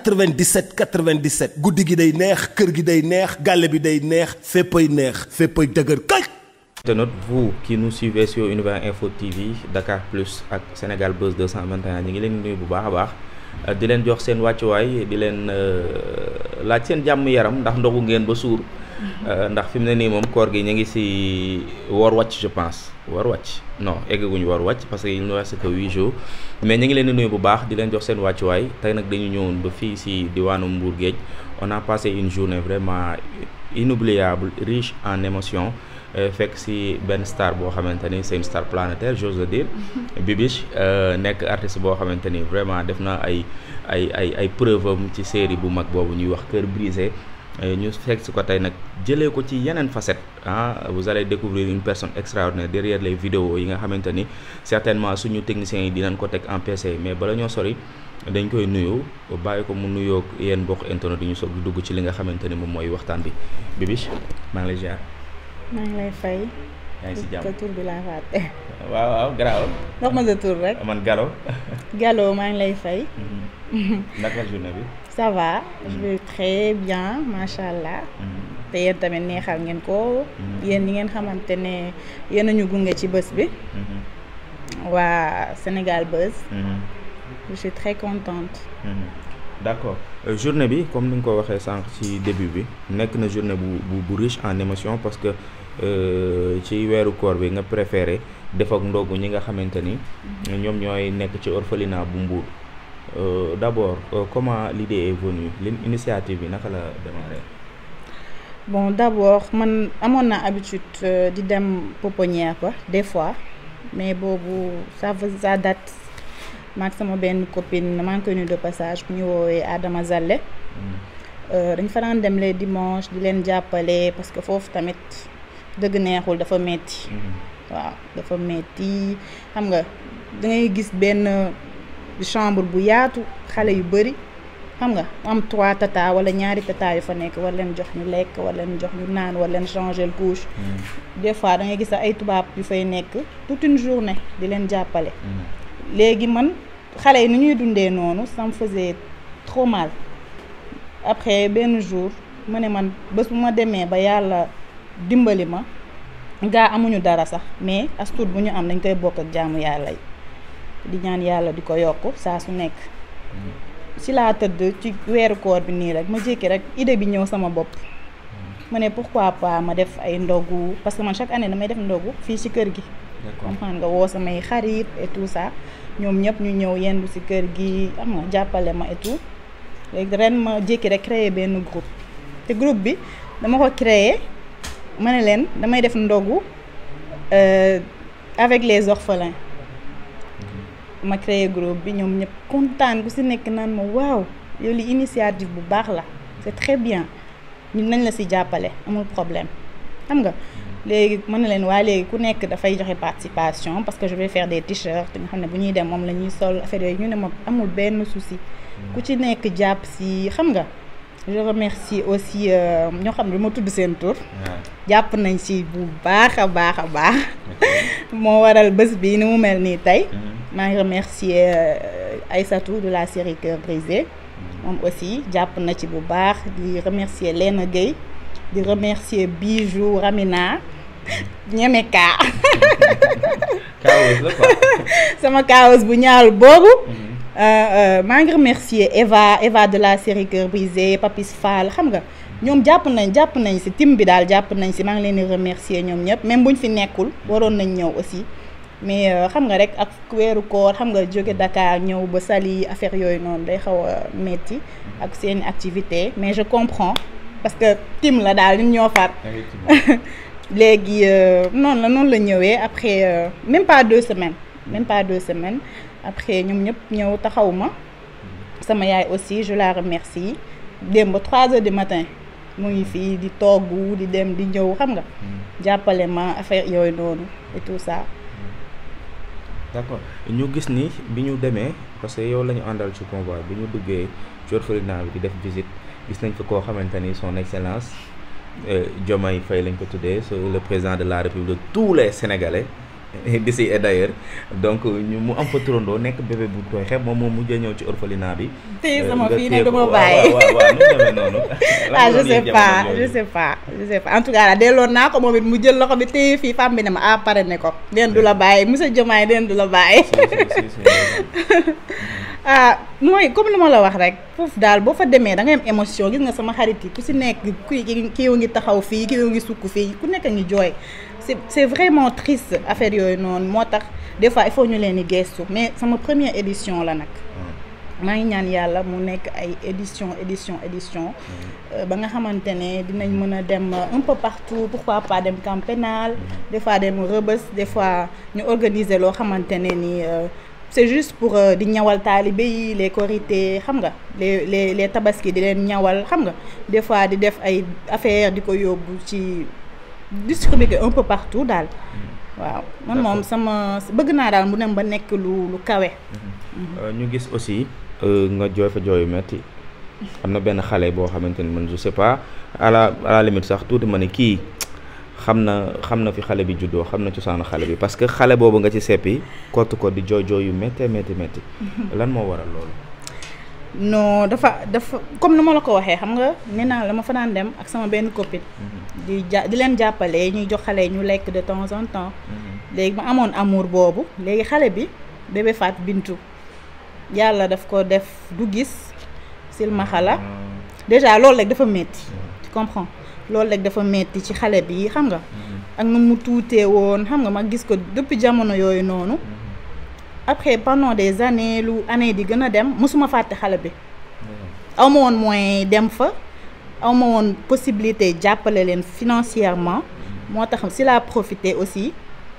97 97 guddi gi day neex kër gi day neex gàlle bi day neex féppay neex féppay dëgër kay tenot vous qui nous suivez sur Univers Info TV Dakar Plus ak Sénégal Buzz 221 ñu ngi leen nuyu bu baax a baax di leen jox seen wàccuwaay di leen euh, laaj seen jàmm yaram ndax ndogu ngeen ba suur Euh, ndax fi mu ne nii moom koor gi ñu ngi si woor wàcc je pense woor wàcc non eggaguñu woor wàcc parce que il nous reste que mais ñu ngi leen di nuyu bu baax di leen jox seen wàccuwaay tey nag dañu ñëwoon ba fii si diwaanu Mbour Géej on a passé une journée vraiment inoubliable riche en émotions euh, fekk si benn star boo xamante ni c'est une star planétaire j'ose le dire mhm. Bibiche euh, nekk artiste boo xamante ni vraiment def na ay ay ay ay preuve am ci série bu mag boobu ñuy wax cœur brisé Euh, ñu fekk si ko tey nag jëlee ko ci yeneen facette ah vous allez découvrir une personne extraordinaire derrière les vidéos yi nga xamante ni certainement suñu techniciens yi dinañ ko teg en PC mais bala ñoo sori dañ koy nuyu bàyyi ko mu nuyoog yéen bokk internet yi ñu soog di dugg ci li nga xamante ni moom mooy waxtaan bi Bibiche maa ngi lay ziar. maa ngi lay fay. si jàmm sa tur bi man Gallo. Gallo maa ngi lay fay. Mhm. naka journée bi. ça va. je vais très bien macha allah. Mm-hmm. te yéen tamit neexal ngeen ko. Mm-hmm. yéen ñi ngeen xamante ne yéen a ñu gunge ci bés bi. Mm-hmm. waa Sénégal Buzz. je suis très contente. d' accord euh, journée bi comme ni nga ko waxee sànq ci début bi nekk na journée bu bu bu riche en émotion parce que euh, ci weeru koor bi nga préféré def ak ndogu ñi nga xamante ni. ñoom ñooy nekk ci orphelinat bu Mbour. Euh, d'abord, euh, comment l'idée est venue l'initiative bi naka la démarré. bon d'abord man amoon na habitude euh, di dem pouponnière ba des fois mais boobu ça ça maak sama benn copine maa ngi de passage bu ñu woowee Adama Zale. Mm. Euh, dañ fa daan dem les dimanches di leen jàppale parce que foofu tamit dëgg neexul dafa metti mm. waaw dafa metti xam nga da gis benn. di chambre bu yaatu xale yu bëri xam nga am trois tata wala ñaari tata yu fa nekk war leen jox ñu lekk war leen jox ñu naan war leen changer couche. Mm. des fois da ngay gis ay tubaab yu fay nekk toute une journée di leen jàppale. Mm. léegi man xale yi ni ñuy dundee noonu ça me faisait trop mal après benn jour mu ne man bés bu ma demee ba yàlla dimbali ma gaa amuñu dara sax mais as bu ñu am dañ koy bokk ak jaamu yàlla yi. di ñaan yàlla di ko yokk saa su nekk si laa tëdd ci weeru koor bi nii rek ma jékki rek idée bi ñëw sama bopp ma ne pourquoi pas ma def ay ndogu parce que man chaque année damay def ndogu fii ci kër gi comprendre nga woo samay xarit et tout ça ñoom ñëpp ñu ñëw yendu ci kër gi am nga jàppale ma et tout léegi jékki rek créer benn groupe te groupe bi dama ko créer ma ne leen damay def ndogu euh, avec les orphelins ma créé bi ñoom ñëpp kontaan ku si nekk naan ma waaw yow li initiative bu baax la c'est très bien ñun nañ la si jàppale amul problème xam nga léegi mën na leen waaye léegi ku nekk dafay joxe participation parce que je vais faire des t-shirts nga xam ne bu ñuy dem moom lañuy ñuy sol affaire yooyu ñu ne moom amul benn souci ku ci nekk jàpp si xam nga je remercie aussi euh, ñoo xam ne ma tudd seen tur. jàpp nañ ci bu baax a baax a baax. moo waral bés bi ni mu mel nii tey. Mm-hmm. maa ngi remercier euh, Aïssatou de la série Cœur brisé. Mm-hmm. moom aussi jàpp na ci bu baax di remercier Lena Gueye di remercier Bijou Ramina mm-hmm. ñeme kaa. kaawos sama kaawos bu ñaal boobu. Euh, euh, maa ngi remercier éva éva de la série Cœur brisé Papis Fall xam nga ñoom jàpp nañ jàpp nañ si time bi daal jàpp nañ si maa ngi leen di remercier ñoom ñëpp bu ñu fi nekkul waroon nañ ñëw aussi mais euh, xam nga rek ak weeru koor xam nga jóge Dakar ñëw ba Saly affaire yooyu noonu day xaw a metti ak seeni activité mais je comprends parce que tim la daal ñun ñoo far léegi noonu la noonu la ñëwee après même pas deux semaines même pas deux semaines après ñoom ñëpp ñëw taxaw ma sama yaay aussi je la remercie démb ba trois heures du matin mu ngi fii di togg di dem di ñëw xam nga hmm. jàppale ma affaire yooyu noonu et tout ça hmm. d'accord ñu gis ni bi ñu demee parce que yow la ñu àndal ci convoi bi ñu duggee ci naa bi di def visite gis nañ fa koo xamante ni son excellence euh, Diomaye Faye lañ ko tuddee le président de la république de tous les sénégalais d'ici et d'ailleurs donc ñu mu am fa turandoo nekk bébé bu tooy xeeb moom moom mujjee ñëw ci orphelinat bi. téye euh, sama fii ne du bàyyi waaw waaw ah, pas je pas je pas en tout cas delloon naa ko moom it mu jël loxo bi téye fii femme bi ne ma ah pare ne ko. leen eh. du la bàyyi monsieur Diomaye den du la bàyyi. ah mooy comme lu ma la wax rek foofu daal boo fa demee da ngay am émotion gis nga sama xarit yi ku si nekk kii kii ngi taxaw fii kii ngi sukk fii ku nekk ngi jooy c'est c'est vraiment triste affaire yooyu noonu moo tax des fois il faut ñu leen di gestu mais sama première édition la nag. Hmm. maa ngi ñaan yàlla mu nekk ay édition édition édition hmm. euh, ba nga xamante ne dinañ mën a dem euh, un peu partout pourquoi pas dem camp pénal hmm. des fois dem rëbës des fois ñu organiser loo xamante ne ni euh, c'est juste pour euh, di ñawal taalibe yi les korité xam nga les les les tabaski di leen ñawal xam nga des fois di def ay affaire di ko yóbbu ci distribuer un peu partout daal waaw man moom sama bëgg naa daal mu dem ba nekk lu lu kawe. Mm-hmm. Euh, ñu gis aussi euh, nga jooy fa jooyu metti am na benn xale boo xamante ni man je sais pas à la à la limite sax tuuti ma ne kii. xam na xam na fi xale bi juddoo xam na cosaanu xale bi parce que xale boobu nga ci seppi kott ko di jooy jooy yu méttee métti métti lan moo waral loolu. non dafa dafa comme nu ma la ko waxee xam nga nee naa la ma fa daan dem ak sama benn copine. Mm-hmm. di ja di leen jàppale ñuy jox xale ñu lekk de temps en temps. Mm-hmm. léegi ma amoon amour boobu léegi xale bi bébé faat bintu yàlla daf ko def du gis silmaxa la ah. déjà loolu rek dafa métti mm. tu comprends. loolu rek dafa metti ci xale bi xam nga mm-hmm. ak na mu tuutee woon xam nga ma gis ko depuis jamono yooyu noonu mm-hmm. après pendant des années lu année di gën a dem mosuma fàtte xale bi mm-hmm. aw ma dem fa aw woon possibilité jàppale leen financièrement moo tax si laa profité aussi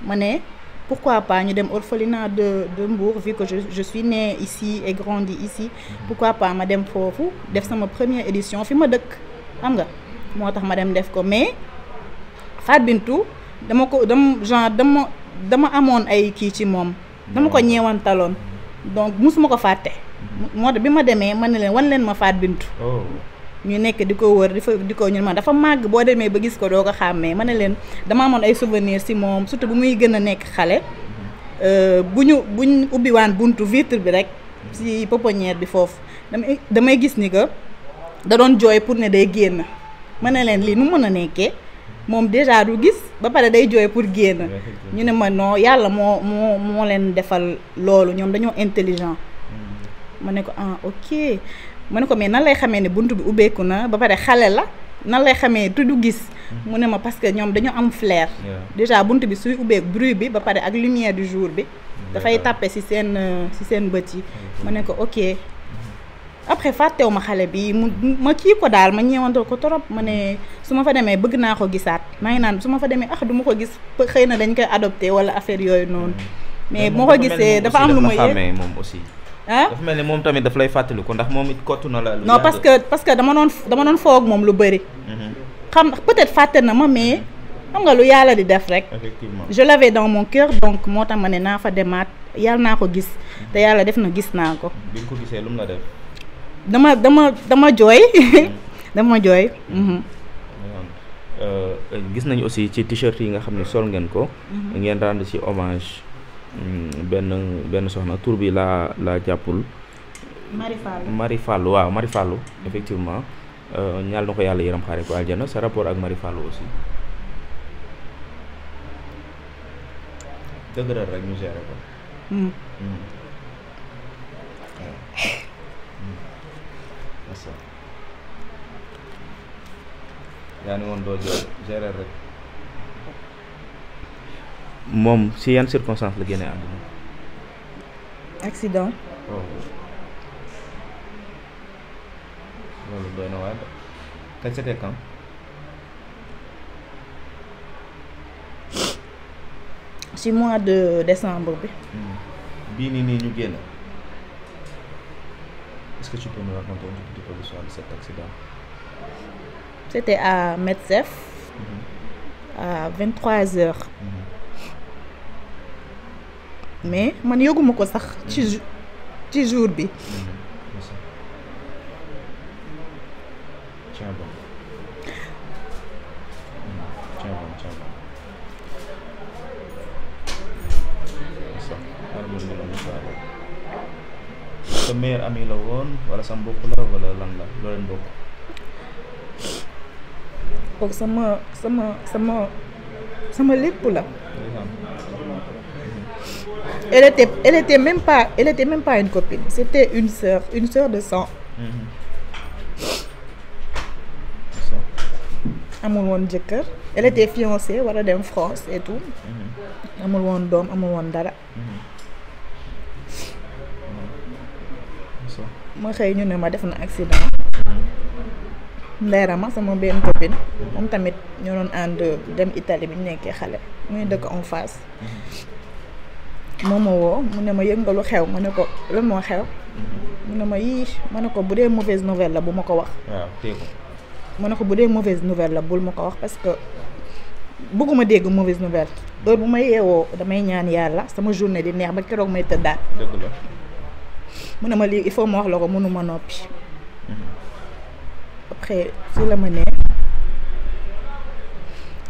ma ne pourquoi pas ñu dem orphelinat de de Mbour vu que je je suis née ici et grandi ici pourquoi pas ma dem foofu def sama première édition fi ma dëkk xam nga moo tax ma dem def ko mais Fat Bintou dama ko dama genre dama dama amoon ay kii ci moom dama ko ah. ñeewantaloon donc ma ko fàtte moo tax bi ma demee ma ne leen wan leen ma faat bintu oh. ñu nekk di ko wër di fa di ko ñu ma dafa màgg boo demee ba gis ko doo ko xàmmee ma ne leen dama amoon ay souvenir si moom surtout bu muy gën a nekk xale euh, bu ñu bu ñu ubbiwaan buntu vitre bi rek si pouponnière bi foofu damay damay gis ni que da doon jooy pour ne day génn ma ne leen lii nu mën a nekkee moom déjà du gis ba pare day jooy pour génn ñu ne ma noo yàlla moo moo moo leen defal loolu ñoom dañoo intelligent mm. ma ne ko ah ok ma ne ko mais nan lay xamee ne bunt bi ubbeeku na ba pare xale la nan lay xamee te du gis mm. mu ne ma parce que ñoom dañoo am flair déjà bunt bi suy ubbeek bruit bi ba pare ak lumière du jour bi dafay tàppe ci seen ci euh, seen bët yi ma ne ko ok après fàttewu ma xale bi mu ma kii ko daal ma ñeewantal ko trop ma ne su ma fa demee bëgg naa ko gisaat maa ngi naan su ma fa demee ah du ma ko gis xëy na dañ koy adopté wala affaire yooyu noonu. mais bu ko gisee dafa am lu ma yëg moom aussi ah dafa mel ni moom tamit daf lay fàttaliku ndax moom it kottu na la. non parce que parce que dama doon dama doon foog moom lu bëri. Mhm. xam peut-être fàtte na ma mais. xam nga lu yàlla di def rek. effectivement je l'avais dans mon cœur donc moo tax ma ne naa fa demaat yàlla naa ko gis te mhm. yàlla def na gis naa ko. bi nga lu mu la def. dama dama dama jooy mm-hmm. dama jooy mm-hmm. Mm-hmm. Euh, gis nañu aussi ci t-shirt yi nga xam ne sol ngeen ko ngeen rendre ci hommage mm, benn benn soxna tur bi laa laa jàppul Marie Fallou Marie Fallou waaw Marie Fallou effectivement euh, ñaal na ko yàlla yërëm xaare ko aljana sa rapport ak Marie Fallou aussi dëgëral rek ñu géré ko ndeysaan yaa ni woon doo jooy gérer rek. moom si yan circonstance la génne àdduna. accident. Oh. loolu doy na waaye de kañ c'était ci mois de décembre bi. Hmm. bii nii nii ñu génn. que tu peux me raconter un à Metzef, mm-hmm. à 23h. Mm mm-hmm. mais man yoguma ko sax ci mm-hmm. ci jour bi wala sa mbokk la wala lan la loo leen bokk. kooku sama sama sama sama lépp la. Mm-hmm. elle était elle était même pas elle était même pas une copine c'était une sœur une sœur de sang. Mm-hmm. amul woon jëkkër elle était fiancée wala dem France et tout. Mm-hmm. amul woon doom amul woon dara. ma xëy ñu ne ma def na accident ndeyra ma sama benn copine moom tamit ñoo doon ànd dem Italie bi ñu nekkee xale muy dëkk en face moom ma woo mu ne ma yëg nga lu xew ma ne ko lan moo xew mu ne ma yii ma ne ko bu dee mauvaise nouvelle la bu ma ko wax ma ne ko bu dee mauvaise nouvelle la bul ma ko wax parce que bëgguma dégg mauvaise nouvelle heure bu ma yeewoo damay ñaan yàlla sama journée di neex ba keroog may tëddaat mu ne ma lii il faut ma wax la ko mënuma noppi mhm. après si la ma nee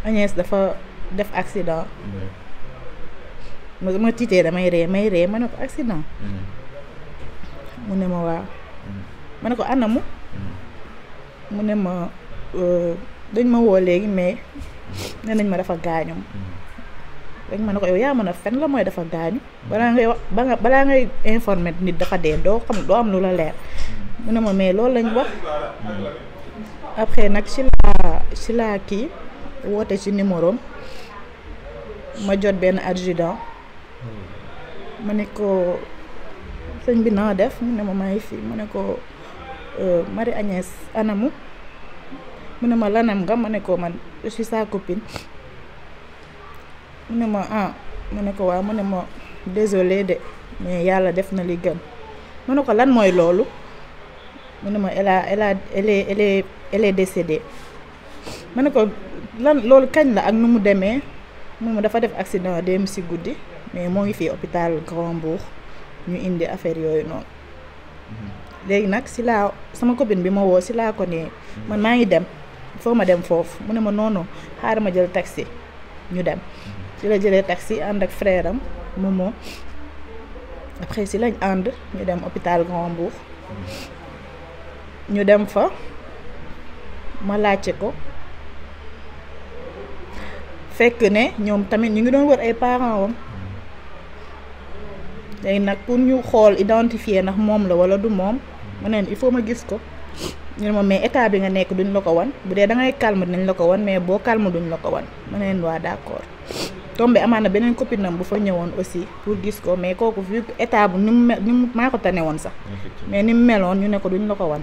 Agnès dafa def accident ma ma tiitee damay ree may ree ma ne ko accident mhm. mu ne ma waaw mhm. ma ne ko anamu mu ne ma euh, dañ ma woo léegi mais ne nañ ma dafa gaañum rek ma ne ko yow yaa mën a fen la mooy dafa gaañu balaa ngay wax ba balaa ngay informé nit dafa dee doo xam doo am lu la leer mu ne ma mais loolu lañ wax après nag ci laa ci laa kii woote ci numéro ma jot benn adjudant ma ne ko sëñ bi naa def mu ne ma maa ngi fi mu ne ko euh, Marie Agnès anamu mu ne ma lanam nga ma ne ko man je suis sa copine mu ne ma ah mu ne ko waaw mu ne ma désolé de mais yàlla def na li gën mu ne ko lan mooy loolu mu ne ma elle a elle a elle est elle est elle est décédée mu ne ko lan loolu kañ la ak nu mu demee mu ne ma dafa def accident dem si guddi mais moo ngi fii hôpital Grand-Bourg ñu indi affaire yooyu noonu mm-hmm. léegi nag si laa sama copine bi ma woo si laa ko ne man maa ngi dem foo ma dem foofu mu ne ma noonu xaaral ma jël taxi ñu dem ci la jëlee taxi ànd ak frère am Momo après yi lañ ànd ñu dem hôpital Grand Mbour ñu dem fa ma laajte ko fekk ne ñoom tamit ñu ngi doon wër ay parents wam léegi nag pour ñu xool identifier ndax moom la wala du moom ma neen il faut ma gis ko ñu ne ma mais état bi nga nekk duñ la ko wan bu dee da ngay calme dinañ la ko wan mais boo calme duñ la ko wan ma neen waa d'accord tombé amaan na beneen copine am bu fa ñëwoon aussi pour gis ko mais kooku vu état bu ni mu mel ni mu maa ko tane woon sax mais ni mu meloon ñu ne ko duñ la ko wan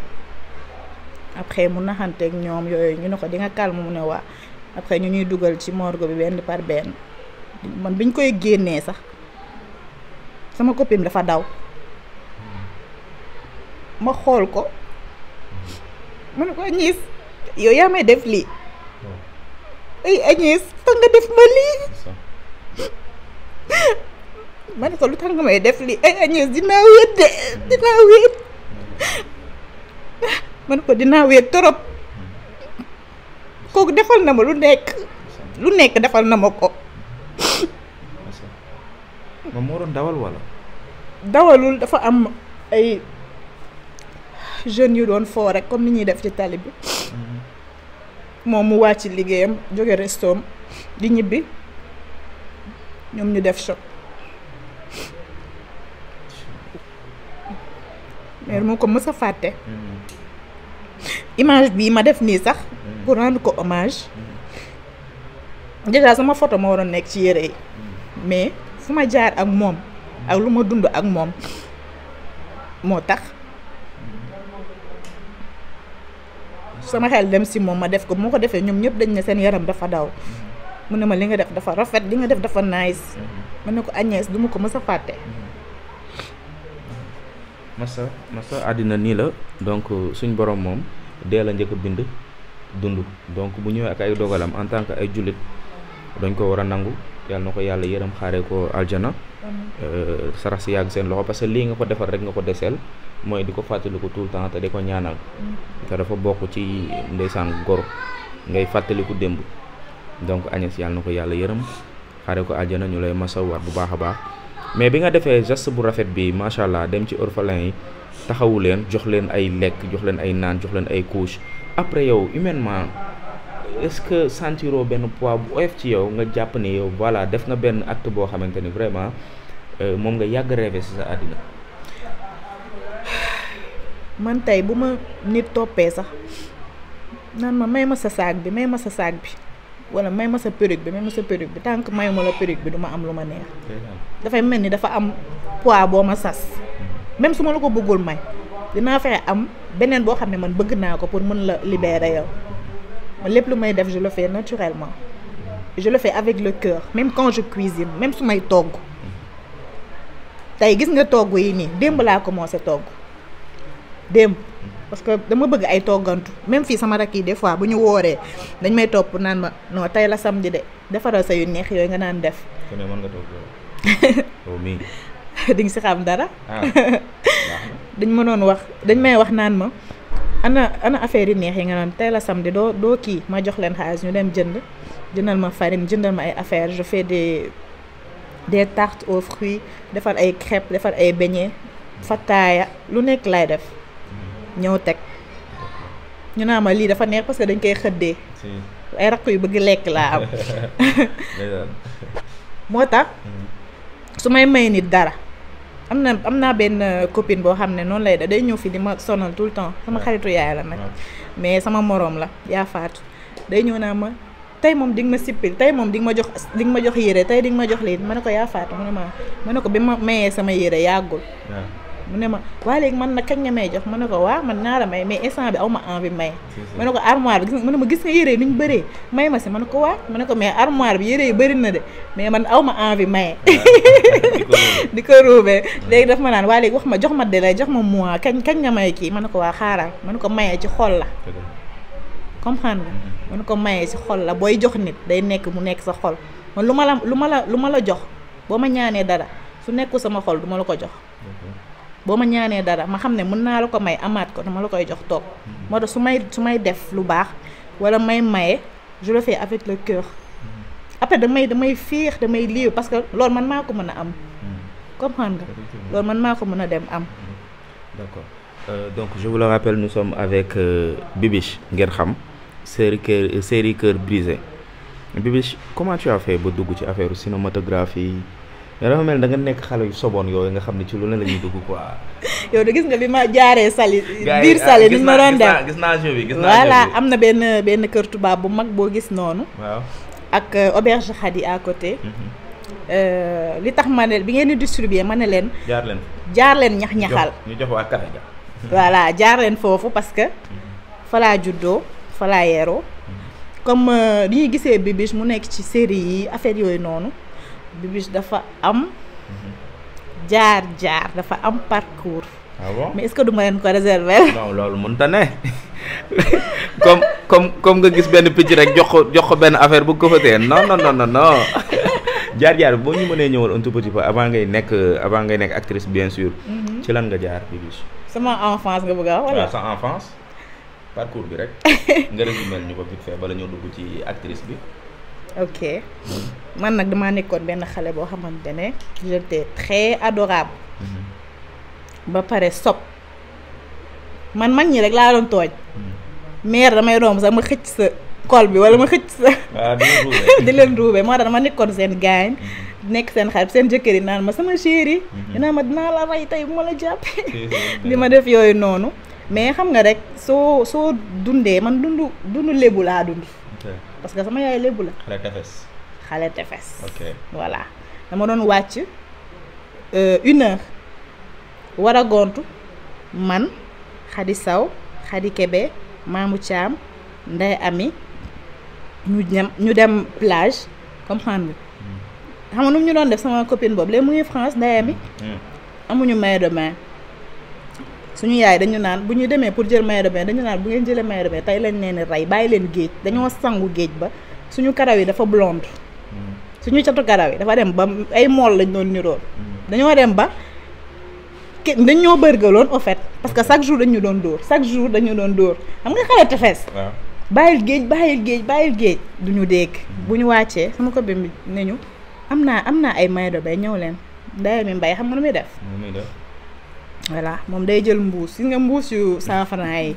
après mu naxanteeg ñoom yooyu ñu ne ko dinga nga mu ne waa après ñu ñuy dugal ci morgo bi benn par benn man biñ koy génnee sax sama copine dafa daw hmm. ma xool ko mu ne ko ñiis yow yaa may def lii hmm. ay Agnès tax def ma lii ma ko lu tax may def lii ay Agnès dinaa wéet de dinaa wéet ma ne ko dinaa wéet trop kooku defal na ma lu nekk lu nekk defal na ma ko moom moo doon dawal walla dawalul dafa am ay jeunes yu doon foo rek comme ni ñuy def ci tali bi mm. moom mu wàcc liggéeyam jóge restoom di ñibbi ñoom ñu def choc mère moo ko mës a fàtte image bii ma def nii sax pour rendre ko hommage déjà sama photo ma waroon nekk ci yére yi mais fu ma jaar ak moom ak lu ma dund ak moom moo tax sama xel dem si moom ma def ko moo ko defee ñoom ñëpp dañ ne seen yaram dafa daw mu ne ma li nga def dafa rafet li nga def dafa nice mm-hmm. ma ne ko Agnès du ma ko mës a fàtte. Mm-hmm. masa masa àddina nii la donc euh, suñ borom moom dee la njëkk bind dund donc bu ñëwee ak ay dogalam en tant que ay jullit dañ ko war a nangu. yàlla na ko yàlla yërëm xaaree ko aljana euh, sarax si yàgg seen loxo parce que lii nga ko defal rek nga ko deseel mooy di ko fàttaliku tout le temps te di ko ñaanal te dafa bokk ci ndeysaan goro ngay fàttaliku démb donc Agnès yàlla na ko yàlla yërëm xaaree ko aljana ñu lay masawar bu baax a baax mais bi nga defee geste bu rafet bi macha allah dem ci orphelin yi taxawu leen jox leen ay lekk jox leen ay naan jox leen ay couche après yow humainement est-ce que sentiroo benn poids boo oyof ci yow nga jàpp ne yow voilà def nga benn acte boo xamante ni vraiment euh, moom nga yàgg rêvé si sa àddina man tey bu ma nit toppee sax nan ma may ma sa saak bi may ma sa saag bi wala may ma sa perruque bi may ma sa perruque bi tant ma la perruque bi du am lu ma neex dafay mel ni dafa am poids boo ma sas même su ma la ko bëggul may dinaa fexe am beneen boo xam ne man bëgg naa ko pour mën la libérer yow lépp lu may def je le naturellement je avec le cœur même quand je cuisine même su may togg tey gis nga togg yi nii démb laa commencé togg démb parce que dama bëgg ay toggantu même fii sama rakk yi des fois bu ñu wooree dañ may topp naan ma non tey la samedi de defaral sa yu neex yooyu nga naan def. kon nga togg yow oh, mii. di si xam dara. Ah. dañ ma wax dañ may wax naan ma. ana ana affaire yi neex yi nga naan tey la samedi doo doo kii ma jox leen xaalis ñu dem jënd jëndal ma farine jëndal ma ay affaire je fais des des tartes aux defal ay crêpes defar ay beignets fataaya lu nekk laay def ñëw teg ñu naa ma lii dafa neex parce que dañ koy xëddee ay rakk yu bëgg lekk laa am moo tax mm-hmm. su may may nit dara am na am naa benn euh, copine boo xam ne noonu lay da day ñëw fi di ma sonal tout le temps sama xaritu yaay la nag mais sama moroom la yaa faatu day ñëw naa ma tey moom di ma sippil tey moom di nga ma jox di nga ma jox yére tey di ma jox leen ma ne ko yaa faatu mu ne ma ma ne ko bi ma mayee sama yére yàggul mu ne ma waa léegi man na kañ nga may jox ma ne ko waa man naa la may mais instant bi aw ma envie may ma ne ko armoire bi gis mu ne ma gis nga yére ni ñu bëree may ma si ma ne ko waa ma ko mais armoire bi yére bëri na de mais man aw ma envie mais di ko ruubee léegi daf ma naan waa léegi wax ma jox ma délai jox ma mois kañ kañ nga may kii ma ne ko waa xaaral ma ne ko mayee ci xol la comprendre nga mm-hmm. ma ne ko maye ci xol la booy jox nit day nekk mu nekk sa xol man lu ma la lu ma la lu ma la jox boo ma ñaanee dara su nekkul sama xol duma la ko jox mm-hmm. boo ma ñaanee dara ma xam ne mën naa la ko may amaat ko dama la koy jox toog moo tax su may su may def lu baax wala may maye je le fais avec le cœur après damay damay fiix damay liiw parce que loolu man maa ko mën a am comprendre nga loolu man maa ko mën a dem am d'accord euh, donc je vous le rappelle nous avec euh, Bibiche ngeen xam série cœur série cœur brisé Bibiche comment tu as ba dugg ci affaire cinématographie yow dafa mel da nga nekk xale yu soboon yooyu nga xam ne ci lu ne la ñuy dugg quoi. yow de gis nga bi ma jaaree sali biir ah, sali ni ma doon def gis naa gis naa am na benn benn kër tubaab bu mag boo gis noonu. ak euh, auberge Khady à côté. Mm-hmm. Euh, li tax ma ne bi ngeen di distribuer ma ne leen. jaar leen jaar leen ñax ñaxal. ñu jox waa voilà jaar leen foofu parce que. Mm-hmm. fa laa juddoo fa laa yeroo. Mm-hmm. comme li euh, ñuy gisee Bibiche mu nekk ci série yi affaire yooyu noonu. Bibis dafa am jaar jaar dafa am parcours. ah bon mais est-ce que du ma leen ko réserver. non loolu mënta comme comme comme nga gis benn picc rek jox ko jox ko benn affaire bu ko fa tee non non jaar jaar boo ñu mënee ñëwal un tout petit peu avant ngay nekk avant ngay nekk actrice bien sûr. Mhm. ci lan nga jaar Bibis. sama enfance nga bëgg a wax ah, sa enfance parcours bi rek nga résumé ñu ko vite fait bala ñoo dugg ci actrice bi. ok man nag damaa nekkoon benn xale boo xamante ne j'étais très adorable. Mhm. ba pare sob man mag ñi rek laa doon tooñ. mère mhm. damay doom sax ma xëcc sa kol bi wala ma xëcc sa. Ah, di leen ruube moo tax dama nekkoon seen gaañ. Mhm. nekk seen xarit seen jëkkër yi naan ma sama chéri dinaa ma dinaa la rey tey bu ma la jàppee. li ma def yooyu noonu. mais xam nga rek soo soo dundee man dund dund lébu laa dund. parce que sama yaay lébu la. xale tefes. xale voilà dama doon wàcc euh, une heure war a man xadi saw xadi kebe maamu caam nday ami ñu dem ñu dem plage comprendre nga hmm. xam nga nu ñu doon def sama copine boobu léegi mu ngi France nday ami hmm. amuñu maillot de suñu yaay dañu naan bu ñu demee pour jël maillot de bain dañu naan bu ngeen jëlee maillot de bain leen di rey bàyyi leen géej dañoo sangu géej ba suñu karaw yi dafa blonde hmm. suñu catu karaw yi dafa dem ba ay mool lañ doon niroon hmm. dañoo dem ba dañ ñoo bërgaloon au fait parce que chaque jour dañu doon dóor chaque jour dañu doon dóor xam nga xale tefes bàyyil géej bàyyil géej bàyyil géej duñu dégg hmm. bu ñu wàccee sama ko bi ne ñu am naa am naa ay maillot de bain ñëw leen daaye mi mbay xam na nu muy def voilà moom day jël mbuus gis nga mbuus yu cent yi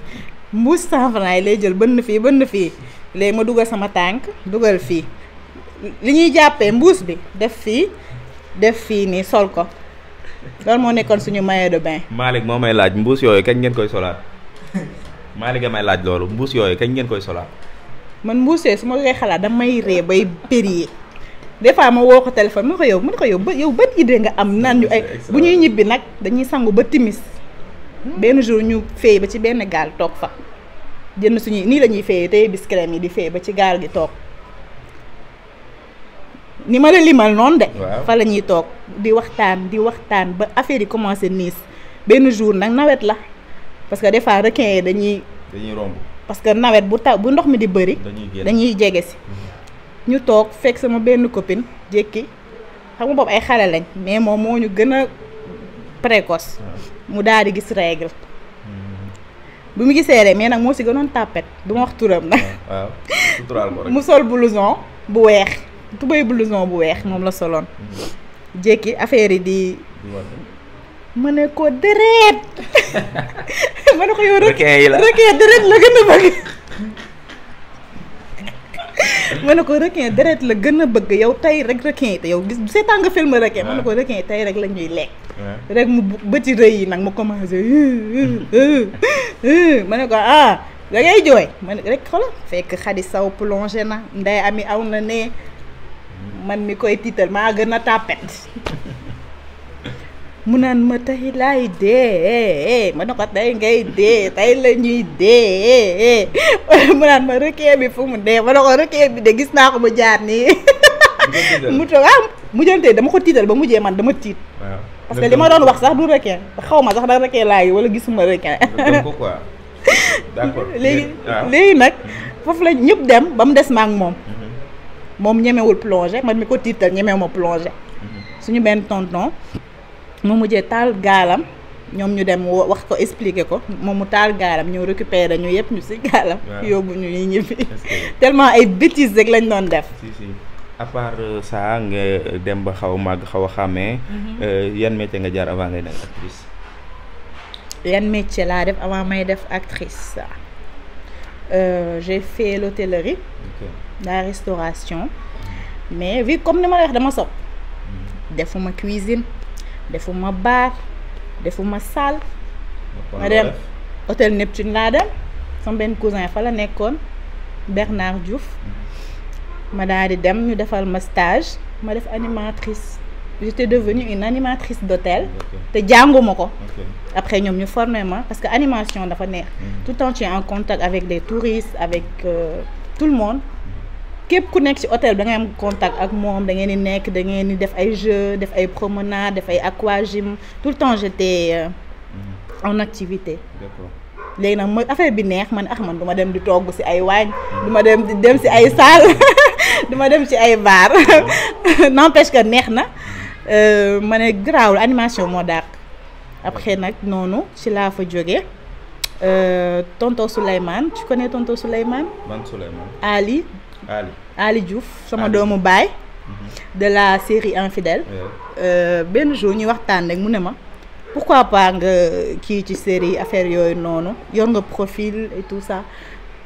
mbuus cent yi lay jël bënn fii bënn fii léegi ma dugal sama tànk dugal fii li ñuy jàppee mbuus bi def fii def fii nii sol ko loolu moo nekkoon suñu maillot de bain. Malick moo may laaj mbuus yooyu kañ ngeen koy solaat Malick a may laaj loolu mbuus yooyu kañ ngeen koy solaat. man mbuus yooyu su ma koy xalaat damay ree bay yi des ma woo ko téléphone ma ko yow ma ko yow ba yow ban idée nga am naan ñu ay bu ñuy ñibbi nag dañuy sangu ba timis hmm. benn jour ñu fay ba ci benn gaal toog fa jënd suñuy nii la ñuy fayee tey biscrème yi di fay ba ci gaal gi toog ni ma la limal noonu de. fa la ñuy toog di waxtaan di waxtaan ba affaire yi commencé niis benn jour nag nawet la parce que des fois requin yi dañuy. dañuy romb parce que nawet bu taw bu ndox mi di bëri. dañuy jege si. Hmm. ñu toog fekk sama benn copine jékki xam nga ay xale lañ mais moom moo ñu gën a précoce mu daal di gis règle mm-hmm. bi mu gisee rek mais nag moo si gënoon tàppet du wax turam nag mu sol blouson bu weex tubéy blouson bu weex moom la soloon mm-hmm. jékki affaire yi di ma ne ko déret ma ne ko yow rek rek déret la gën a bëgg ma ne ko requin deret la gën a bëgg yow tey rek requin te yow gis seetaan nga film requin ma na ko requin tey rek la ñuy lekk rek mu bëti rëy yi nag mu commencé ma ne ko ah da ngay jooy ma ne rek xoolal fekk xadi saw plongé na nday ami aw na ne man mi koy tiital maa gën a tàppet mu naan ma tey laay dee ma ne ko tey ngay de tey la ñuy dee mu naan ma rëkkee bi fu mu de ma ne ko rëkkee bi de gis naa ko mu jaar nii. mu toog ah mu jëntee dama ko tiital ba mujjee man dama tiit. parce que li ma doon wax sax du rëkkee xaw ma sax da rëkkee laay wala gisuma rëkkee. d'accord léegi léegi nag foofu la ñëpp dem ba mu des ma moom. Mhm. moom ñemewul plongé man mi ko tiital ñemewuma plongé. Mhm. suñu benn tonton. mu mujjee taal gaalam ñoom ñu dem wax ko expliquer ko moom mu taal gaalam ñu récupérer ñu yëpp ñu si gaalam. yóbbu ñu ñuy ñibbi. tellement ay bêtises rek lañ doon def. si si à part euh, ça nga dem ba xaw a màgg xaw a xàmmee. Mhm. Euh, yan métier nga jar avant ngay métier laa def avant may def actrice. Euh, j'ai fait l'hôtellerie. Okay. restauration. mais vi comme ni ma la dama sopp mhm. defuma cuisine. defu ma baax defu ma dem hôtel Neptune laa dem sama benn cousin fa la nekkoon Bernard Diouf mm-hmm. ma daal di dem ñu defal ma stage ma def animatrice j'étais devenue une animatrice d'hôtel te ma ko après ñoom ñu formé ma parce que animation dafa neex mm-hmm. tout le temps en contact avec des touristes avec euh, tout le monde képp ku nekk ci hôtel da ngay am contact ak moom da ngeen di nekk da ngeen di def ay jeux def ay promenade def ay aquagym tout le temps te euh, en activité. léegi nag mooy affaire bi neex man ax ah, man du dem di togg ci ay waañ du ma dem di dem ci ay salle du dem ci ay bar n'empêche que neex na euh, ma ne garaawul animation moo dàq après nag noonu ci laa fa jóge euh, tonto Souleymane tu connais tonton Souleymane. man Ali. Ali Ali Diouf sama doomu baay. Mhm. de la série Infidèles. Euh, benn jour ñuy waxtaan rek mu ne ma. pourquoi pas nga kii ci série affaire yooyu noonu yor nga profil et tout ça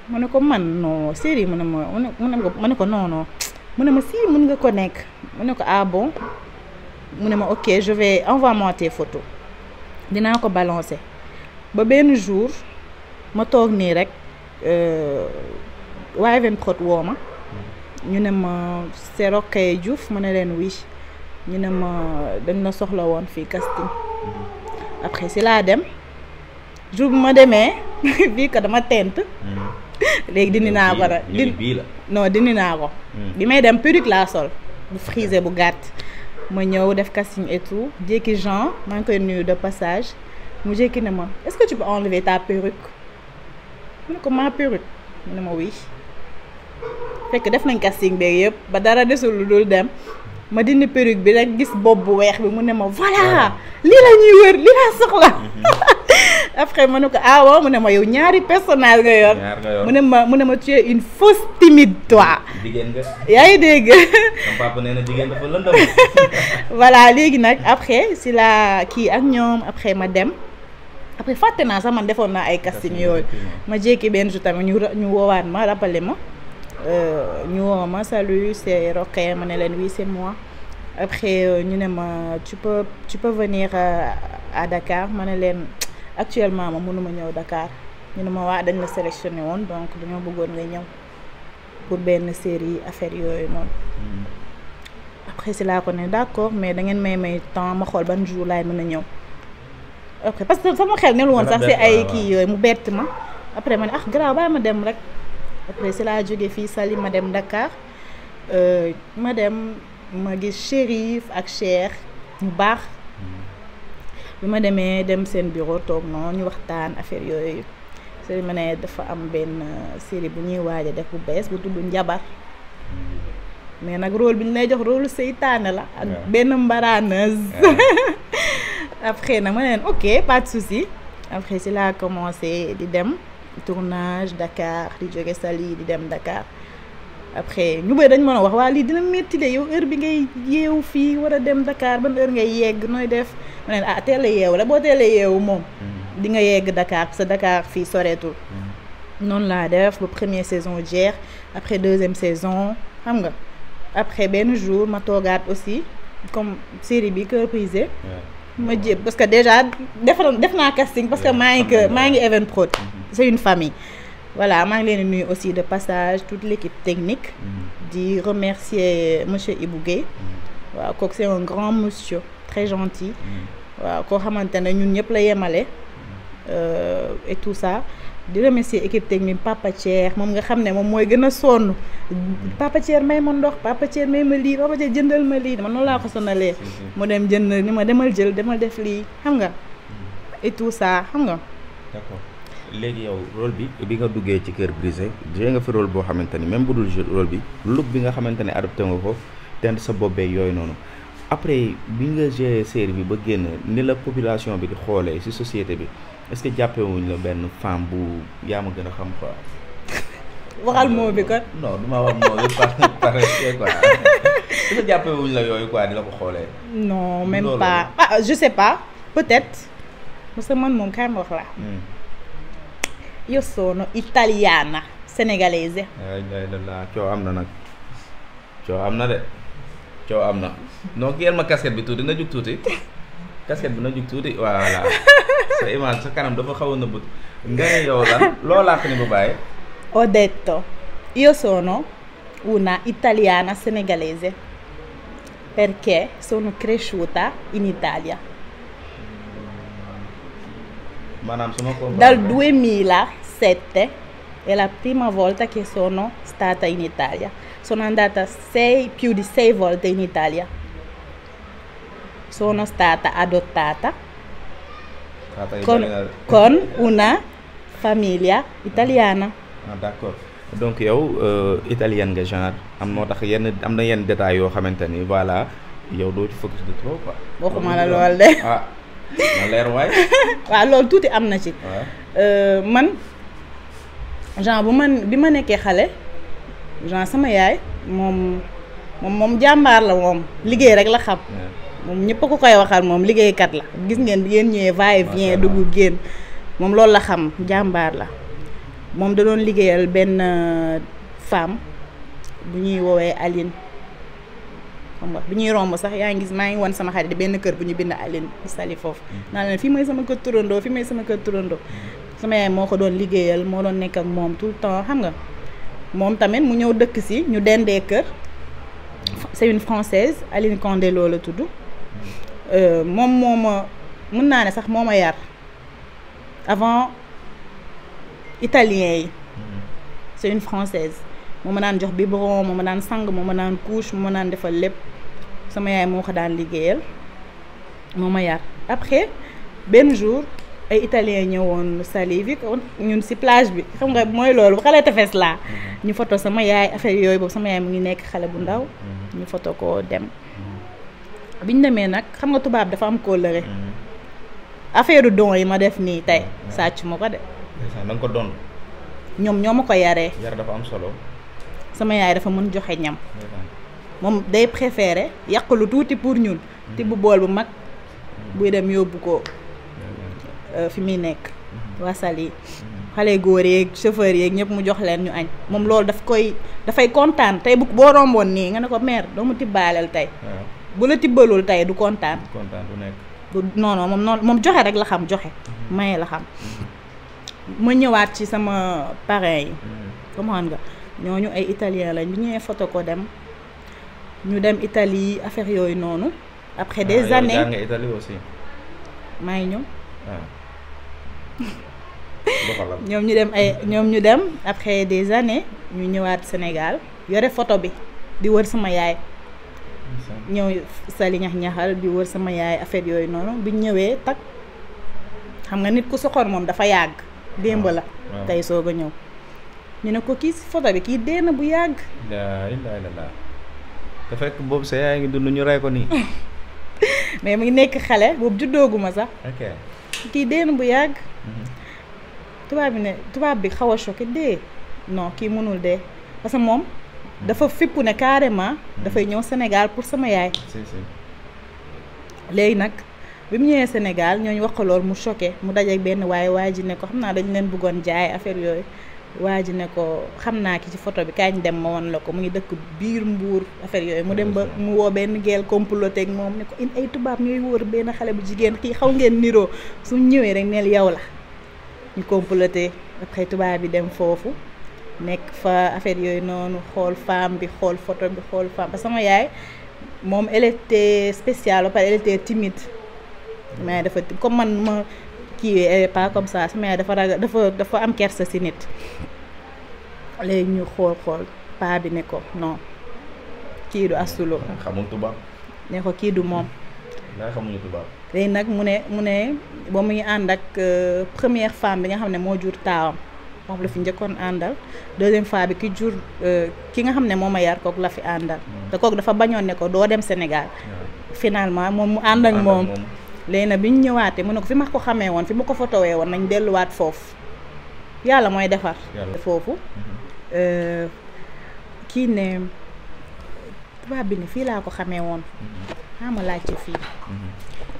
ma ne ko man non série mu ne ma mu ne ma ne ko non mu ne ma si mën nga ko nekk mu ne ko ah bon mu ne ma ok je vais envoie moi photo dinaa ko balancer ba benn jour ma toog nii rek. Euh, waa Evenprod woo ma hmm. ñu ne ma c'est Rokhaya Diouf ma ne leen oui ñu ne ma dañ na soxla woon fii casting hmm. après si laa dem jour bu ma demee bii ko dama tent hmm. léegi dindi naa ko rek bii dindi naa ko bi may dem perruque laa sol bu frisé bu gàtt ma ñëw def casting et tout jékki Jean maa koy nuyu de passage mu jékki ne ma est-ce que tu peux enlever ta perruque mu ne ko ma perruque mu ne ma oui fekk def nañ casting beeg yëpp ba dara desul lu dul dem ma dindi perruque bi rek gis bopp bu weex bi mu ne ma voilà lii la wër lii laa soxla mhm. après ma ne ko ah waaw mu ne ma yow ñaari personnage nga yor mu ne ma mu ne ma tu es une fausse timide toi. jigéen nga. yaa ngi dégg. papa nee na jigéen dafa léegi nag après si la kii ak ñoom après ma dem. après fàtte naa sax man defoon naa ay casting yooyu ma jékki benn jour tamit ñu ñu woowaat ma rappelé ma. Euh, ñu woo ma salut c'est Rokhaya ma ne leen oui c'est moi après euh, ñu ne ma tu peux tu peux venir euh, à Dakar ma ne leen actuellement ma mënuma ñëw Dakar ñu ne ma waa dañ la sélectionné woon donc dañoo bëggoon nga ñëw pour benn série affaire yooyu noonu. Mm. après si laa ko ne d'accord mais da ngeen may may temps ma xool ban jour laay mën a ñëw. après parce que sama xel ne lu woon sax si ay kii yooyu mu bett ma après ma ne ah garaaw bàyyi ma dem rek. après si laa jóge fii Saly ma dem Dakar euh, ma dem ma gis Chérif ak Cheikh ñu baax mm-hmm. bi ma demee dem seen bureau toog noonu ñu waxtaan affaire yooyu sëriñ ma ne dafa am benn euh, série bu ñuy waaj a def bu bees bu tudd Njabar mm-hmm. mais nag rôle bi ñu lay jox rôle seytaane la ak benn mbaraaneuse après nag ma ne leen ok pas de souci après si laa commencé di dem tournage Dakar di jóge Saly di dem Dakar après ñu bëri dañ mën a wax waa lii dina métti de yow heure bi ngay yeewu fii war a dem Dakar ban heure ngay yegg nooy def ma ne ah teel a la boo teel a moom mm. di nga yegg Dakar parce que Dakar fii soreetul mm. noonu laa def ba première saison jeex après deuxième saison xam nga après benn jour ma toogaat aussi comme série bi Cœur brisé ma jéem parce que déjà defaroon def naa casting parce que maa ngi que maa ngi Even Prod mm-hmm. c'est une famille voilà maa ngi leen di aussi de passage toute l'équipe technique mm-hmm. di remercier monsieur Ibou Guèye mm-hmm. waaw kooku c'est un grand monsieur très gentil waaw koo xamante ne ñun ñëpp la yemale euh, et tout ça di remercier équipe technique Papa Thier moom nga xam ne moom mooy gën a sonn Papa may ma ndox Papa Thier may ma lii Papa Thier jëndal ma lii dama noonu laa ko sonalee mu dem jënd ni ma demal jël demal def lii xam nga et tout ça xam nga d'accord léegi yow rôle bi bi nga duggee ci kër brisé jëlee nga fi rôle boo xamante ni même bu dul jeu rôle bi look bi nga xamante ne adopté nga ko te sa bobbee yooyu noonu après bi nga géré série bi ba génn ni la population bi di xoolee ci société bi est-ce que jàppee wuñ la benn femme bu m ma gën a xam quoi. waxal moo bi kat. non duma wax moo bi par par quoi est-ce que jàppee wuñ la yooyu quoi di la ko xoolee. non même pas ah je sais pas peut-être parce que man moom kaay ma wax la. Hmm. io sono italiana sénégalaise. alhamdulilah coow am na nag coow am na de coow am na donc yéen ma casquette bi tuuti na jug tuuti. casquette bi na jug tuuti voilà sa image sa kanam dafa xaw a nëbbut nga yow lan loo làkk ni bu bàyyi ho detto una italiana senegalese perché sono cresciuta in Italia maanaam su ma ko dal 2007 è la prima volta che sono stata in Italia sono andata più di sei volte in Italia sono stata adottata con, con una famiglia italiana. Ah, donc yow euh, italienne nga genre am moo tax yenn am na yenn détails yoo xamante ni voilà yow doo ci focus de trop quoi. waxuma la lool de. ah na tuuti am na ci. Euh, man genre bu man bi ma nekkee xale genre sama yaay moom moom moom jàmbaar la moom liggéey rek la xam. moom ñëpp ko koy waxal moom liggéeykat la gis ngeen bi ngeen ñëwee va et vient dugg génn moom loolu la xam jàmbaar la moom da doon liggéeyal benn euh, femme bu ñuy woowee Aline xam nga bu ñuy romb sax yaa ngi gis maa ngi won sama xarit benn kër bu ñu bind Aline sali foofu hmm. naa leen fii mooy sama kër turandoo fi mooy sama kër turandoo hmm. sama yaay moo ko doon liggéeyal moo doon nekk ak moom tout le temps xam nga moom tamit mu ñëw dëkk si ñu dendee kër c'est une française Aline Condé loola tudd Euh, moom mooma ma mën naa ne sax moo ma yar avant italien yi mm-hmm. c'est une française moo ma daan jox biberon moo ma daan sang moo ma daan couche moo ma daan defal lépp sama yaay moo ko daan liggéeyal moo ma yar après benn jour ay italien ñëwoon salivi ñun si plage bi xam nga mooy loolu bu xale tefes laa mm-hmm. ñu foto sama yaay affaire yooyu boobu sama yaay mu ngi nekk xale bu ndaw mm-hmm. ñu foto ko dem biñ demee nag xam nga tubaab dafa am kóllëre mm-hmm. affaire don yi ma def nii tey mm-hmm. mm-hmm. sàcc ma ko de. da ko doon. ñoom ñoo ma ko yaree. yar dafa am solo. sama yaay dafa mën joxe ñam. moom day préféré yàq lu tuuti pour ñun. te bu bool bu mag. buy dem yóbbu ko euh, fi muy nekk. wasal yi xale góor yeeg chauffeur yeeg ñëpp mu jox leen ñu añ moom loolu daf koy dafay kontaan tey bu boo romboon nii nga ne ko mère doo mu tibbaaleel tey. bu la tibbalul tey du kontaan. du kontaan du nekk. du noonu moom joxe rek la xam joxe. Mhm. maye la xam. Mhm. ma ñëwaat ci sama parents yi. Mhm. comprendre nga ñooñu ay italien lañ bi ñëwee photo ko dem ñu dem Italie affaire yooyu noonu. après des ah, années ah maa ngi ñëw. ñoom ñu dem ay ñoom ñu dem après des années ñu ñëwaat Sénégal yore photo bi di wër sama yaay. ñëw sali ñax-ñaxal bi wër sama yaay affaire yooyu noonu biñ ñëwee tak xam nga nit ku soxor moom dafa yàgg démb la tey soog a ñëw ñu ne ko kii si bi kii dee na bu yàgg laa ilaaha illallaah te fekk mu ngi nekk xale boobu juddooguma sax kii dee bu yàgg mhm. tubaab bi ne tubaab bi xaw a choqué dee non kii mënul de parce que moom dafa fippu ne carrément dafay ñëw Sénégal pour sama yaay léegi nag bi mu ñëwee Sénégal ñooñu wax ko loolu mu choqué mu dajeek benn waaye waa ji ne ko xam naa dañu leen bëggoon jaay affaire yooyu waa ji ne xam naa ki ci photo bi kañ dem ma woon la ko mu ngi dëkk biir mbuur affaire yooyu mu dem ba mu woo benn geel comploté ak moom ne ko in ay tubaab ñooy wóor benn xale bu jigéen kii xaw ngeen niroo su ñëwee rek neel yow la ñu comploté après tubaab bi dem foofu nekk fa affaire yooyu noonu xool femme bi xool photo bi xool femme parce que sama yaay moom elle était spéciale ba pare elle timide sama dafa comme man ma kii elle pas comme ça sama yaay dafa ragal dafa dafa am kersa si nit léegi ñu xool xool paa bi ne ko non kii du astulo xamul ne ko kii du moom daa nag mu ne mu ne ba muy ànd ak euh, première femme bi nga xam ne moo jur taawam moom la fi njëkkoon àndal deuxième fois bi ki jur euh, ki nga xam ne moom a yar kook la fi àndal hmm. te kook dafa bañoo ne ko doo dem Sénégal hmm. finalement moom mu ànd ak moom léegi nag bi ñu ñëwaatee mu ne ko fi ma ko xamee woon fi ma ko fotowee woon nañ delluwaat foofu yàlla mooy defar foofu hmm. euh, kii ne tubaab bi ne fii laa ko xamee woon xama laajte fii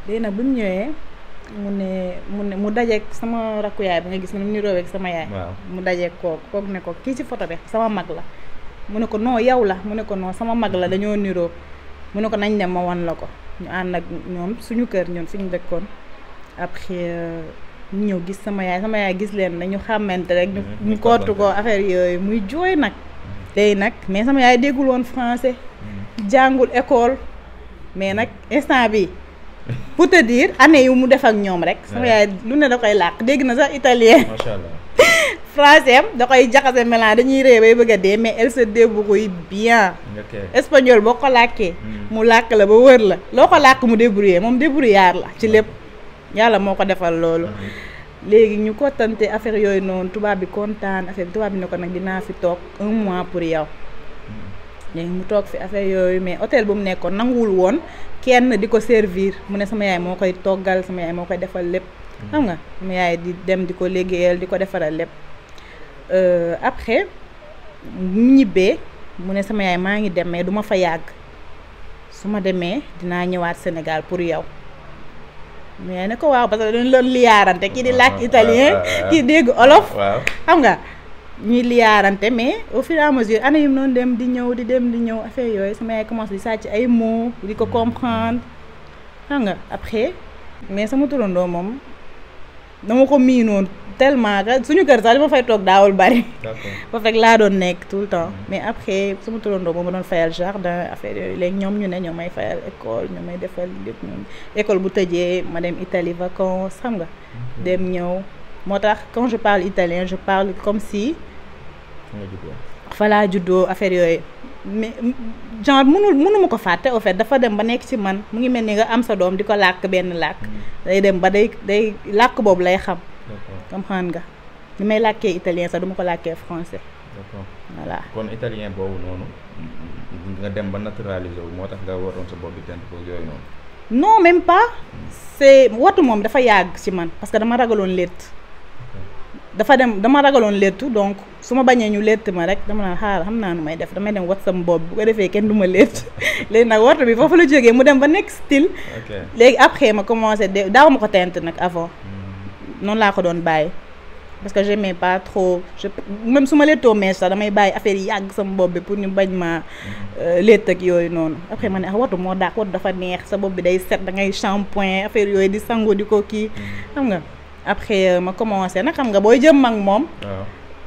léegi bi mu ñëwee mu ne mu ne mu dajeeg sama rakku yaay ba nga gis ne mu niroowee sama yaay. mu dajeeg kooku kook ne ko kii ci photo bi sama mag la. mu ne ko non yow la mu ne ko non sama mag la dañoo niroo mu ne ko nañ ne ma wan la ko ñu ànd ak ñoom suñu kër ñoom suñu dëkkoon après euh, ñu ñëw gis sama yaay sama yaay gis leen dañu xàmmante rek. ñu mm-hmm. ñu kootu ko affaire yooyu muy jooy nag. Mm-hmm. tey nag mais sama yaay déggul woon français. Mm-hmm. jàngul école mais nag instant bi pour te dire année yu mu def ak ñoom rek. sama yaay lu ne da koy làq dégg na sax italien. macha da koy jaxase mélange dañuy ree bay bëgg dee mais elle se débrouille bien. espagnol boo ko làkkee. Mm. mu làkk la ba wër la. loo ko làkk mu débrouillé moom débrouillard la ci lépp yàlla moo ko defal loolu. Mm-hmm. léegi ñu ko tante yooyu noonu tubaab bi kontaan affaire bi tubaab bi ne ko nag dinaa fi toog un mois pour yow. léegi mu toog fi affaire yooyu mais hôtel bu mu nekkoon nanguwul woon kenn di ko servir mu ne sama yaay moo koy toggal sama yaay moo koy defal lépp. Hmm. xam nga sama yaay di dem di ko liggéeyal di ko defaral lépp. Euh, après mu mu ne sama yaay maa ngi dem mais du fa yàgg su ma demee dinaa ñëwaat Sénégal pour yow. mais ne ko waaw parce que dañu doon liyaarante kii di làkk ah, italien ah, ah, kii dégg olof. xam nga. ñuy liyaarante mais au fur et à mesure année yim noonu dem di ñëw di dem di ñëw affaire yooyu samay yaay commencé di sàcc ay mots di ko comprendre xam nga après mais sama turandoo moom dama ko miinoon tellement que suñu kër sax li ma fay toog daawul bari ba fekk laa doon nekk tout le temps mm-hmm. mais après sama turandoo moom ma doon fayal jardin affaire yooyu léegi ñoom ñu ne ñoom may fayal école ñoom may defal lépp école bu tëjee ma dem Italie vacances xam nga mm-hmm. ñëw moo tax quand je parle italien je fa laa juddoo affaire yooyu mais genre mënul mënu ma ko fàtte au dafa dem ba nekk ci man mu ngi mel ni nga am sa doom di ko làkk benn làkk mm. day dem ba day day làkk boobu lay xam comprendre nga li may làkkee italien sax du ma ko làkkee français voilà kon italien boobu noonu nga dem ba naturalisé wu moo tax nga waroon sa bopp tent ko yooyu noonu non même pas mm. c'est watu moom dafa yàgg ci man parce que dama ragaloon létt dafa dem dama ragaloon léttu donc su ma bañee ñu létt ma rek dama naan xaar xam naa nu may def damay dem wat sam bopp bu ko defee kenn du ma létt léegi nag warta bi foofu la jógee mu dem ba nekk style léegi après ma commencé de daaw ma ko teint nag avant hmm. noonu laa ko doon bàyyi parce que j'aimais pas trop je même su ma léttoo mèche sax damay bàyyi affaire yàgg sama bopp bi pour ñu bañ ma hmm. euh, létt ak yooyu noonu après ma ne ah watu moo daak watu dafa neex sa bopp bi day set da ngay shampoing affaire yooyu di sango di ko kii hmm. xam après euh, ma commencé nag xam nga booy jëm mag moom.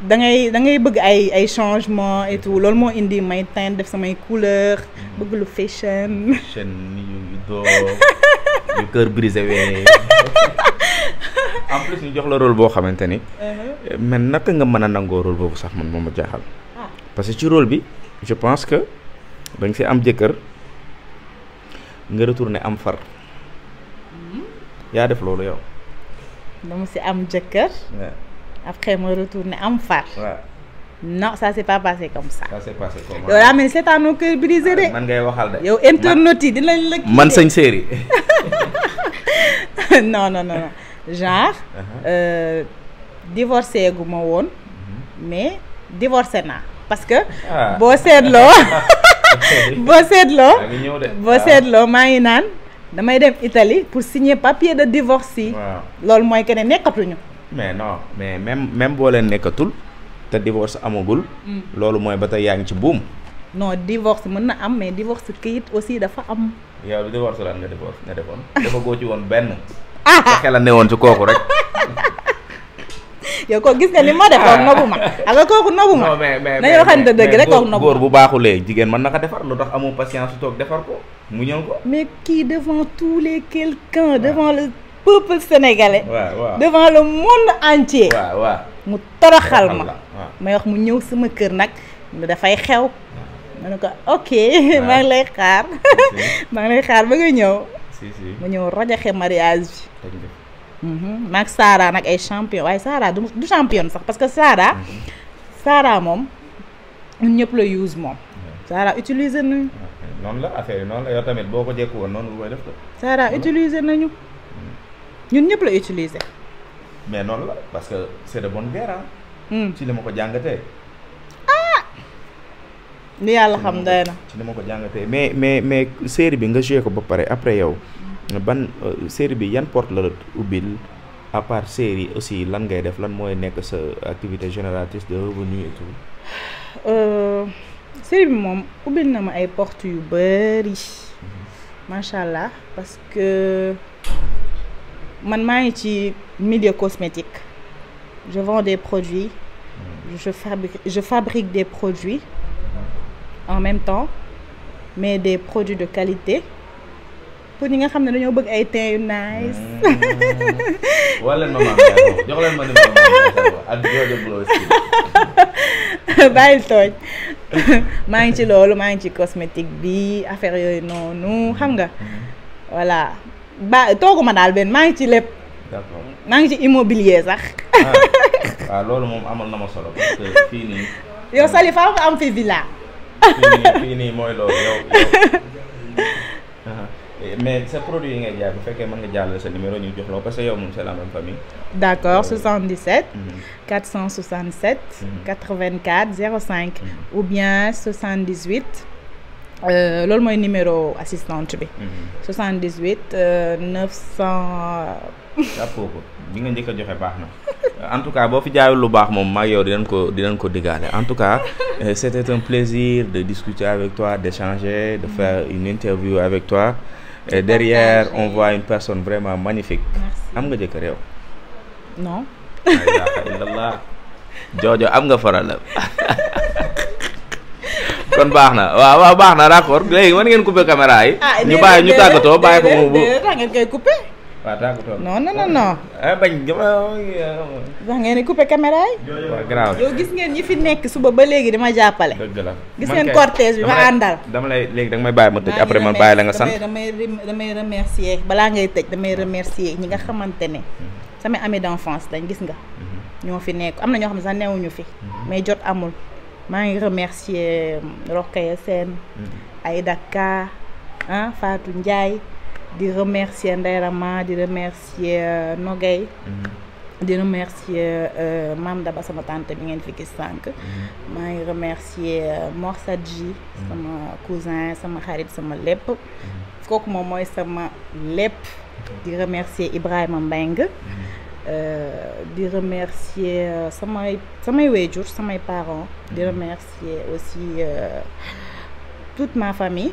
da ngay da ngay bëgg ay ay changement et tout loolu moo indi may teint def samay couleur mm. bëgg lu fashion. fashion yu doo yu wee en plus ñu jox la role boo xamante ni. Uh-huh. man naka nga mën a nangoo role boobu sax man moo ma jaaxal. Ah. parce que ci rôle bi je pense que da fi am jëkkër nga retourné am far. Mm. yaa def loolu yow. dama si am jëkkër. après ma retourné am far. non ça s'est pa passé comme ça. ça s'est passé comme ça yow daa mel ni seetaan noo kër brisé de. man ngay waxal de. yow internautes yi dinañ la. man sañ séeri. non non non genre. Uh-huh. Euh, divorcé gu ma woon. Mm-hmm. mais divorcé naa. parce que ah. boo seetloo. boo seetloo boo seetloo maa ngi ah. naan. damay dem Italie pour signer papier de divorce yi. loolu mooy que ne nekkatuñu. mais no mais même même boo leen nekkatul te divorce amagul. Mm. loolu mooy ba tey yaa ngi ci buum. non divorce mën na am mais divorce kayit aussi dafa am. yow divorce lan nga divorce nga defoon dafa góo ci woon benn. te ah! xelal ne woon ci kooku rek. yow ko gis nga li ma defoon ah! nobu ma xam ah, nga kooku nobu ma. non mais mais mais nañu dëgg rek kooku nobu ma góor bu baaxulee jigéen mën na ko defar lu tax amul patience toog defar muñal ko. mais kii devant tous les quelqu'un devant le peuple sénégalais. devant le monde entier. mu toroxal ma may wax mu ñëw sama kër nag lu dafay xew. ma ne ko ok maa ngi lay xaar maa ngi lay xaar ba nga ñëw. si si mu ñëw rajaxe mariage bi. Mhm. maag Saara nag ay champion waaye Saara du champion sax parce que Saara. Mhm. Saara moom ñun ñëpp la use moom. Saara utiliser nañu. noonu la affaire noonu la yow tamit boo ko jekku woon noonu lu koy def ko Sara utiliser nañu hmm. ñun ñëpp la utiliser mais noonu la parce que c'est de bonne guerre hmm. ci li ma ko jàngatee ah ni yàlla xam day na ci li ma ko jàngatee mais mais mais série bi nga joué ko ba pare après yow ban euh, série bi yan porte la ubbil à part série aussi lan ngay def lan mooy nekk sa activité génératrice de revenu et tout euh, série bi moom ubbil na ma ay porte yu bëri macha mhm. allah parce que man maa ngi ci milieu cosmétique je vends des produits mhm. je fabrique je fabrique des produits en même temps mais des produit de qualité pour ñi nga xam ne dañoo bëgg ay teint yu nice. Mhm. wala ma jox maa ngi ci loolu maa ngi ci cosmétique bi affaire yooyu noonu xam nga. voilà ba tooguma daal benn maa ngi ci lépp. maa ngi ci immobilier sax. waaw ah. ah, loolu moom amoon na ma solo parce que fii am fi villa. Eh, mais sa produit yi ngay jaar bu fekkee mën nga jàllale sa numéro ñu jox loo parce que yow moom c'est la même famille. d'accord 77. 467. 84 05. ou bien 78. Euh, loolu mooy numéro assistante bi. 78 900. jàppoo ko bi nga njëkk a joxe baax na. en tout cas boo fi jaayul lu baax moom maa yow dinañ ko dinañ ko diggaale en tout cas euh, c'était un plaisir de discuter avec toi d'échanger de faire une interview avec toi. et derrière on une personne vraiment magnifique. am nga jëkkër yow. non. am nga faral kon baax na waaw waaw baax na d'accord léegi mën ngeen couper caméra yi. Ah, ñu baax ñu tàggatoo bàyyi ngeen koy couper. waaw tàggatoo non non non non. bañ wax ngeen ni coupé caméra yi. waaw gis ngeen ñi fi nekk suba ba léegi dama jàppale. gis ngeen cortège bi ma àndal. dama léegi danga may bàyyi ma tëj après la nga sant damay damay remercier balaa ngay tëj damay remercier ñi nga xamante ne. Mhm. sama ami d'enfance lañ gis nga. Mhm. ñoo fi nekk am na ñoo xam ne sax newuñu fi. Mhm. mais jot amul maa ngi remercier euh, Rokhaya Sène. Aïda Ka ah Fatou Ndiaye. di remercier Ndeye Rama di remercier euh, Nogay. Mhm. di remercier euh, Mame Daba sama tante bi ngeen fi gis sànq. Mhm. maa ngi remercier euh, Mor Sadji mhm. sama cousin sama xarit sama lépp. kooku moom mooy sama lépp. di remercier Ibrahima Mbengue. di remercier samay samay waajur samay parents. di remercier aussi toute ma famille.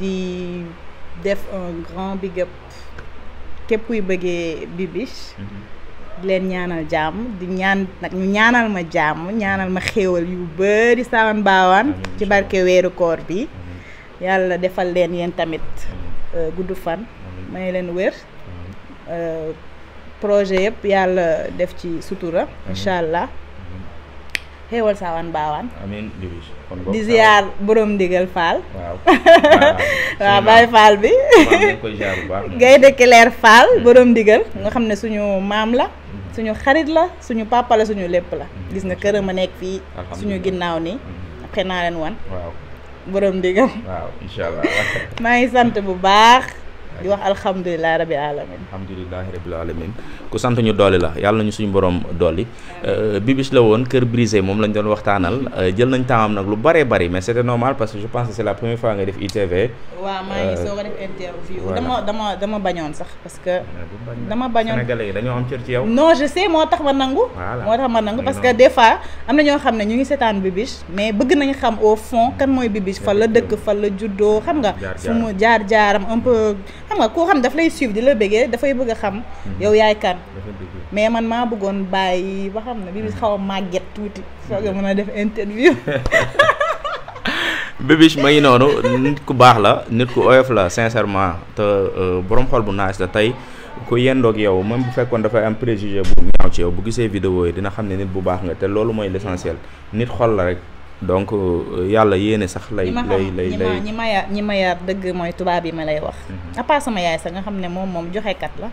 di. def un grand big up képp kuy bëggee Bibiche mhm. di leen ñaanal jàmm di ñaan nag ñu ñaanal ma jàmm ñaanal ma xéewal yu bari sawan baawaan ci barke weeru koor bi yàlla defal leen yéen tamit euh, gudd fan may leen wér euh, projet yëpp yàlla def ci sutura incha allah saa saawaan baawaan di ziar borom ndigal Fall. waaw waaw Baye bi. gaynde Kileer Fall hmm. borom ndigal hmm. nga xam ne suñu maam la. Hmm. suñu xarit la suñu papa suñu lépp la. gis nga këram a nekk fii. suñu ginnaaw nii. après naa leen wan. waaw borom ndigal. sant bu baax. di wax alhamdulilah rabil alamin alhamdulilahi rabil alamin ku sant ñu dooli la yàlla ñu suñu borom dooli euh, Bibiche la woon kër brisé moom lañ doon waxtaanal euh, jël nañ temps am nag lu bëree bëri mais c' normal parce que je pense que la première fois nga def ITV. waaw maa ngi euh, soog a def interview. dama dama dama bañoon sax parce que. dama bañoon Sénégalais yi dañoo am cër ci non je moo tax ma nangu. moo tax ma nangu parce que des fois am na ñoo xam ne ñu ngi seetaan Bibiche mais bëgg nañ xam au fond kan fan la dëkk fan la juddoo xam nga fu mu jaar jaaram un xam nga koo xam daf lay suivre di la bëggee dafay bëgg a xam. Mhm. yow yaay kan. mais man maa bëggoon bàyyi ba xam na bi xaw a màgget tuuti. soog a mën a def interview. Bébiche ma ngi noonu nit ku baax la nit ku oyof la sincèrement te euh, borom xol bu naaj la tey ku yendoog yow même bu fekkoon dafay am préjugé bu ñaaw ci yow bu gisee vidéo yi dina xam ne nit bu baax nga te loolu mooy l'essentiel nit xol la rek. donc euh, yàlla yéene sax lay lay lay ñi ma yar ñi ma yar dëgg mooy tubaab yi ma lay wax mhm. à part sama yaay sax nga xam ne moom moom joxekat la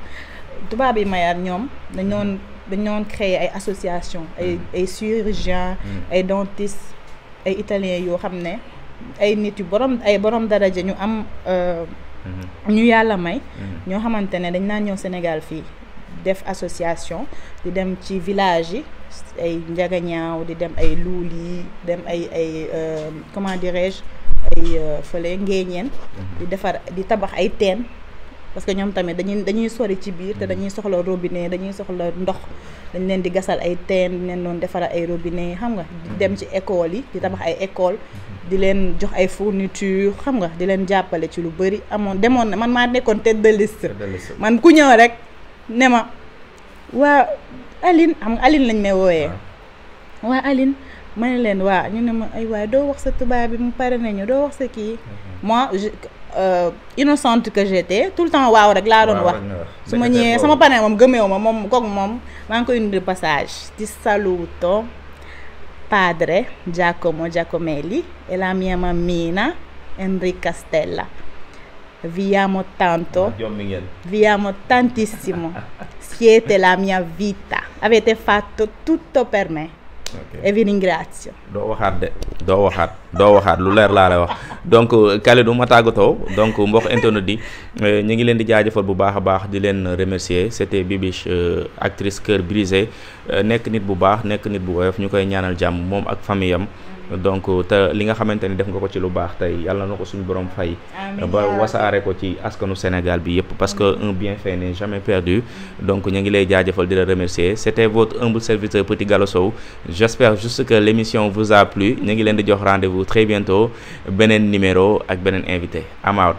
tubaab yi ma yar ñoom dañoon dañoon créer ay association ay mhm. ay chirurgiens mhm. ay dentistes ay italien yoo xam ne ay nit yu borom ay borom daraja ñu am euh, ñu yàlla may ñoo xamante ne dañ naan ñëw Sénégal fii def association di dem ci village yi ay njagañaaw di dem ay luul yi dem ay ay euh, comment dirais-je ay euh, fële ngéeñeen mhm. di defar di tabax ay teen parce que ñoom tamit dañuy dañuy sori ci biir te mhm. dañuy soxla robinet dañuy soxla ndox dañu leen di gasal ay ten di leen doon defar ay robinet xam nga di mhm. dem ci école yi di tabax ay école di leen jox ay fourniture xam nga di leen jàppale ci lu bëri amoon demoon na man maa nekkoon tête de liste man ku ñëw rek ne ma waa Aline xam Aline lañ may wooyee waa Aline ma ne leen waa ñu ne ma ay waay doo wax sa tubaab bi mu pare nañu doo wax sa kii mhm. moi Euh, innocente que j'étais tout le temps waaw rek laa doon wax su ma ñëwee sama paree moom gëmeew ma moom kooku moom maa ngi koy indi passage di saluto padre Giacomo Giacomelli e la mia mammina Enrica Stella Viamo tanto, oh, viamo tantissimo, siete la mia vita, avete fatto tutto per me. Okay. e vi ringrazio. doo waxaat de doo waxaat doo waxaat lu leer laa lay wax donc Kalidou ma tàggatoo donc mbokk internet di euh, ñu ngi leen di jaajëfal bu baax a baax di leen remercier c'était Bibiche euh, actrice cœur brisé euh, nekk nit bu baax nekk nit bu woyof ñu koy ñaanal jàmm moom ak famille am donc te li nga xamante ni def nga ko ci lu baax tey yàlla na ko suñu borom fay ba wasaare ko ci askanu Sénégal bi yëpp parce que un bienfait n'est jamais perdu donc ñu ngi lay jaajëfal di la remercier c'était votre humble serviteur Petit Gallo Sow j'espère juste que l'émission vous a plu ñu ngi leen di jox rendez-vous très bientôt beneen numéro ak beneen invité Amar